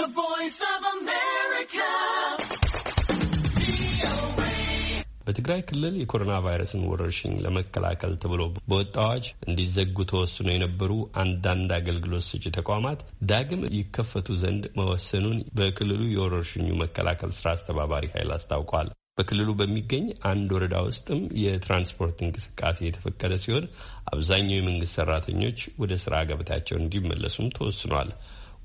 The Voice of America. በትግራይ ክልል የኮሮና ቫይረስን ወረርሽኝ ለመከላከል ተብሎ በወጣ አዋጅ እንዲዘጉ ተወስኖ የነበሩ አንዳንድ አገልግሎት ሰጪ ተቋማት ዳግም ይከፈቱ ዘንድ መወሰኑን በክልሉ የወረርሽኙ መከላከል ስራ አስተባባሪ ኃይል አስታውቋል። በክልሉ በሚገኝ አንድ ወረዳ ውስጥም የትራንስፖርት እንቅስቃሴ የተፈቀደ ሲሆን አብዛኛው የመንግስት ሰራተኞች ወደ ስራ ገበታቸው እንዲመለሱም ተወስኗል።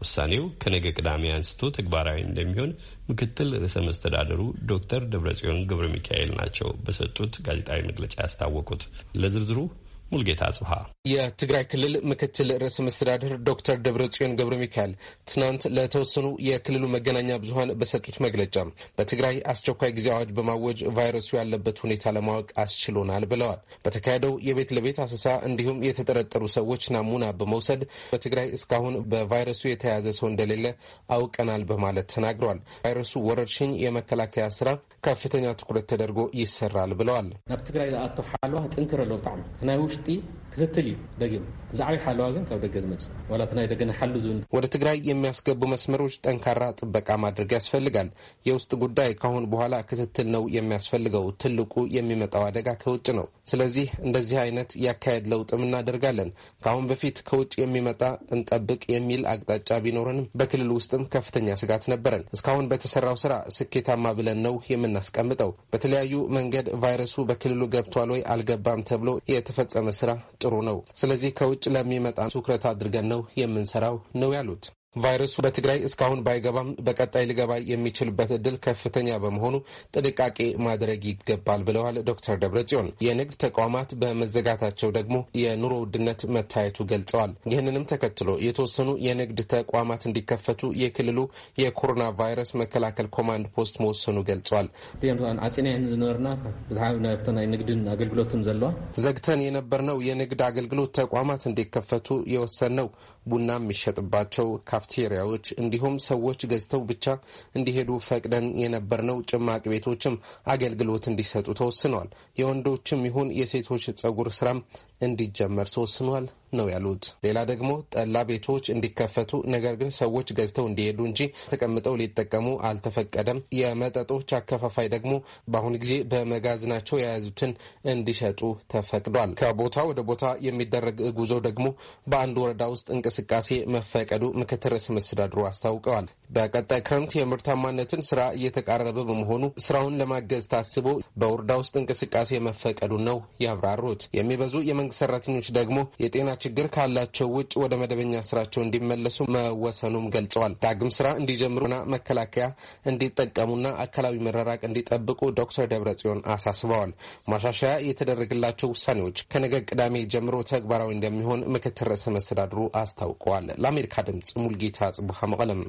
ውሳኔው ከነገ ቅዳሜ አንስቶ ተግባራዊ እንደሚሆን ምክትል ርዕሰ መስተዳደሩ ዶክተር ደብረጽዮን ገብረ ሚካኤል ናቸው በሰጡት ጋዜጣዊ መግለጫ ያስታወቁት። ለዝርዝሩ ሙልጌታ አጽብሃ የትግራይ ክልል ምክትል ርዕሰ መስተዳድር ዶክተር ደብረጽዮን ገብረ ሚካኤል ትናንት ለተወሰኑ የክልሉ መገናኛ ብዙሀን በሰጡት መግለጫ በትግራይ አስቸኳይ ጊዜ አዋጅ በማወጅ ቫይረሱ ያለበት ሁኔታ ለማወቅ አስችሎናል ብለዋል። በተካሄደው የቤት ለቤት አሰሳ እንዲሁም የተጠረጠሩ ሰዎች ናሙና በመውሰድ በትግራይ እስካሁን በቫይረሱ የተያዘ ሰው እንደሌለ አውቀናል በማለት ተናግረዋል። ቫይረሱ ወረርሽኝ የመከላከያ ስራ ከፍተኛ ትኩረት ተደርጎ ይሰራል ብለዋል። ናብ ትግራይ ዝኣቶ ሓለዋ ጥንክር ኣለዎ ብጣዕሚ ናይ ውሽ ውሽጢ ክትትል እዩ ደጊሙ እቲ ሓለዋ ግን ካብ ደገ ዝመፅእ ዋላ እቲ ናይ ደገና ሓሉ ዝብል ወደ ትግራይ የሚያስገቡ መስመሮች ጠንካራ ጥበቃ ማድረግ ያስፈልጋል። የውስጥ ጉዳይ ካሁን በኋላ ክትትል ነው የሚያስፈልገው። ትልቁ የሚመጣው አደጋ ከውጭ ነው። ስለዚህ እንደዚህ አይነት ያካሄድ ለውጥም እናደርጋለን። ከአሁን በፊት ከውጭ የሚመጣ እንጠብቅ የሚል አቅጣጫ ቢኖረንም በክልል ውስጥም ከፍተኛ ስጋት ነበረን። እስካሁን በተሰራው ስራ ስኬታማ ብለን ነው የምናስቀምጠው። በተለያዩ መንገድ ቫይረሱ በክልሉ ገብቷል ወይ አልገባም ተብሎ የተፈጸመ ስራ ጥሩ ነው። ስለዚህ ከውጭ ለሚመጣ ትኩረት አድርገን ነው የምንሰራው ነው ያሉት። ቫይረሱ በትግራይ እስካሁን ባይገባም በቀጣይ ሊገባ የሚችልበት እድል ከፍተኛ በመሆኑ ጥንቃቄ ማድረግ ይገባል ብለዋል ዶክተር ደብረጽዮን። የንግድ ተቋማት በመዘጋታቸው ደግሞ የኑሮ ውድነት መታየቱ ገልጸዋል። ይህንንም ተከትሎ የተወሰኑ የንግድ ተቋማት እንዲከፈቱ የክልሉ የኮሮና ቫይረስ መከላከል ኮማንድ ፖስት መወሰኑ ገልጸዋል። ዘግተን የነበርነው የንግድ አገልግሎት ተቋማት እንዲከፈቱ የወሰን ነው ቡና የሚሸጥባቸው ካፍቴሪያዎች እንዲሁም ሰዎች ገዝተው ብቻ እንዲሄዱ ፈቅደን የነበርነው ጭማቅ ቤቶችም አገልግሎት እንዲሰጡ ተወስኗል የወንዶችም ይሁን የሴቶች ጸጉር ስራም እንዲጀመር ተወስኗል። ነው ያሉት። ሌላ ደግሞ ጠላ ቤቶች እንዲከፈቱ ነገር ግን ሰዎች ገዝተው እንዲሄዱ እንጂ ተቀምጠው ሊጠቀሙ አልተፈቀደም። የመጠጦች አከፋፋይ ደግሞ በአሁኑ ጊዜ በመጋዘናቸው የያዙትን እንዲሸጡ ተፈቅዷል። ከቦታ ወደ ቦታ የሚደረግ ጉዞ ደግሞ በአንድ ወረዳ ውስጥ እንቅስቃሴ መፈቀዱ ምክትል ርዕሰ መስተዳድሩ አስታውቀዋል። በቀጣይ ክረምት የምርታማነትን ስራ እየተቃረበ በመሆኑ ስራውን ለማገዝ ታስቦ በወረዳ ውስጥ እንቅስቃሴ መፈቀዱ ነው ያብራሩት። የሚበዙ የመንግስት ሰራተኞች ደግሞ የጤና ችግር ካላቸው ውጭ ወደ መደበኛ ስራቸው እንዲመለሱ መወሰኑም ገልጸዋል። ዳግም ስራ እንዲጀምሩና መከላከያ እንዲጠቀሙና አካላዊ መረራቅ እንዲጠብቁ ዶክተር ደብረጽዮን አሳስበዋል። ማሻሻያ የተደረገላቸው ውሳኔዎች ከነገ ቅዳሜ ጀምሮ ተግባራዊ እንደሚሆን ምክትል ርዕሰ መስተዳድሩ አስታውቀዋል። ለአሜሪካ ድምጽ ሙልጌታ ጽቡሃ መቀለም